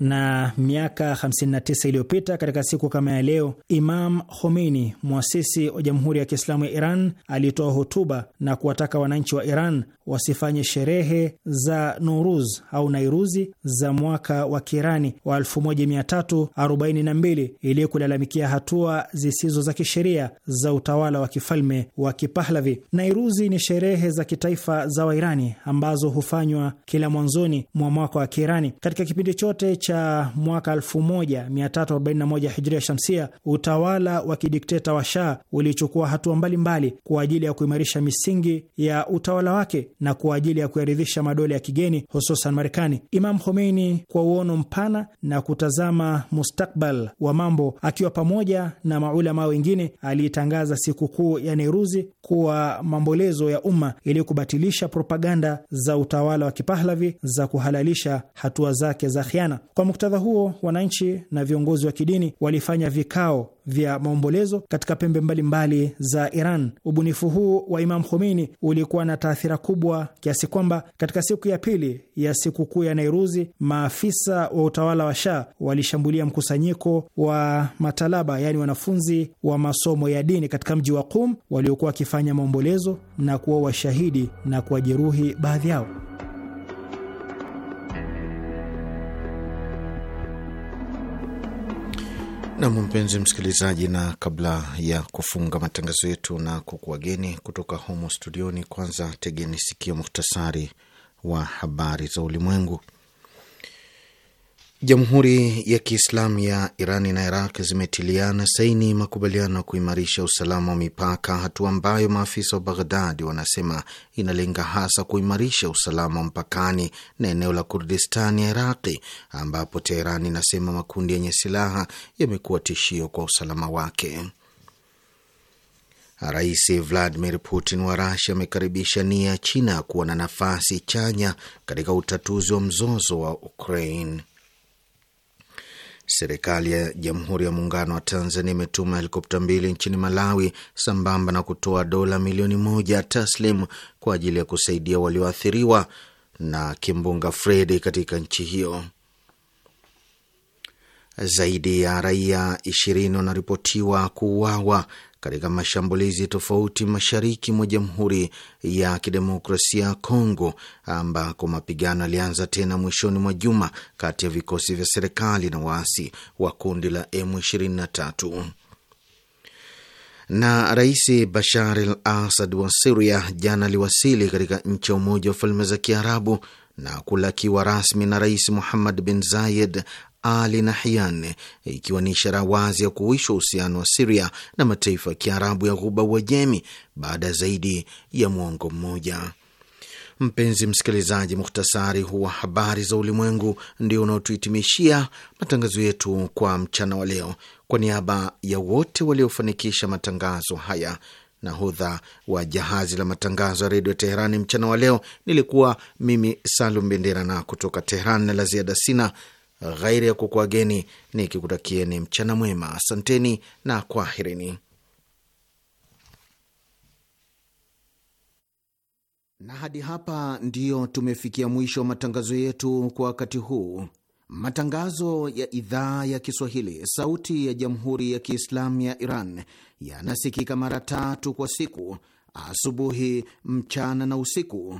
na miaka 59 iliyopita katika siku kama ya leo, Imam Khomeini, mwasisi wa Jamhuri ya Kiislamu ya Iran, alitoa hotuba na kuwataka wananchi wa Iran wasifanye sherehe za Nuruz au Nairuzi za mwaka wa Kirani wa 1342 ili kulalamikia hatua zisizo za kisheria za utawala wa kifalme wa Kipahlavi. Nairuzi ni sherehe za kitaifa za Wairani ambazo hufanywa kila mwanzoni mwa mwaka wa Kirani katika kipindi chote cha mwaka 1341 hijria shamsia, utawala wa kidikteta wa Shah ulichukua hatua mbalimbali kwa ajili ya kuimarisha misingi ya utawala wake na kwa ajili ya kuyaridhisha madola ya kigeni, hususan Marekani. Imam Khomeini, kwa uono mpana na kutazama mustakbal wa mambo, akiwa pamoja na maulama wengine, aliitangaza sikukuu ya Neiruzi kuwa mambolezo ya umma ili kubatilisha propaganda za utawala wa Kipahlavi za kuhalalisha hatua zake za khiana. Kwa muktadha huo, wananchi na viongozi wa kidini walifanya vikao vya maombolezo katika pembe mbalimbali mbali za Iran. Ubunifu huu wa Imam Khomeini ulikuwa na taathira kubwa kiasi kwamba katika siku ya pili ya sikukuu ya Nairuzi, maafisa wa utawala wa Shah walishambulia mkusanyiko wa matalaba, yaani wanafunzi wa masomo ya dini katika mji wa Qum waliokuwa wakifanya maombolezo na kuwa washahidi na kuwajeruhi baadhi yao. Nam, mpenzi msikilizaji, na kabla ya kufunga matangazo yetu na kukuwageni kutoka homo studioni, kwanza tegeni sikio muhtasari wa habari za ulimwengu. Jamhuri ya Kiislamu ya Irani na Iraq zimetiliana saini makubaliano ya kuimarisha usalama wa mipaka, hatua ambayo maafisa wa Baghdadi wanasema inalenga hasa kuimarisha usalama wa mpakani na eneo la Kurdistani ya Iraqi, ambapo Teheran inasema makundi yenye ya silaha yamekuwa tishio kwa usalama wake. Rais Vladimir Putin wa Rasia amekaribisha nia ya China kuwa na nafasi chanya katika utatuzi wa mzozo wa Ukraine. Serikali ya Jamhuri ya Muungano wa Tanzania imetuma helikopta mbili nchini Malawi sambamba na kutoa dola milioni moja taslim kwa ajili ya kusaidia walioathiriwa na kimbunga Fredi katika nchi hiyo. Zaidi ya raia ishirini wanaripotiwa kuuawa katika mashambulizi tofauti mashariki mwa Jamhuri ya Kidemokrasia ya Kongo, ambako mapigano yalianza tena mwishoni mwa juma kati ya vikosi vya serikali na waasi wa kundi la M23 na Rais Bashar al Asad wa Siria jana aliwasili katika nchi ya Umoja wa Falme za Kiarabu na kulakiwa rasmi na Rais Muhammad bin Zayed ali Nahyan, ikiwa ni ishara wazi ya kuhuishwa uhusiano wa Siria na mataifa ya Kiarabu ya Ghuba Uajemi baada zaidi ya mwongo mmoja. Mpenzi msikilizaji, muhtasari huu wa habari za ulimwengu ndio unaotuhitimishia matangazo yetu kwa mchana wa leo. Kwa niaba ya wote waliofanikisha matangazo haya, nahodha wa jahazi la matangazo ya redio Teherani mchana wa leo nilikuwa mimi Salum Bendera, na kutoka Teheran na la ziada sina ghairi ya kukuageni nikikutakieni mchana mwema. Asanteni na kwaherini. Na hadi hapa ndiyo tumefikia mwisho wa matangazo yetu kwa wakati huu. Matangazo ya idhaa ya Kiswahili, sauti ya jamhuri ya kiislamu ya Iran yanasikika mara tatu kwa siku: asubuhi, mchana na usiku.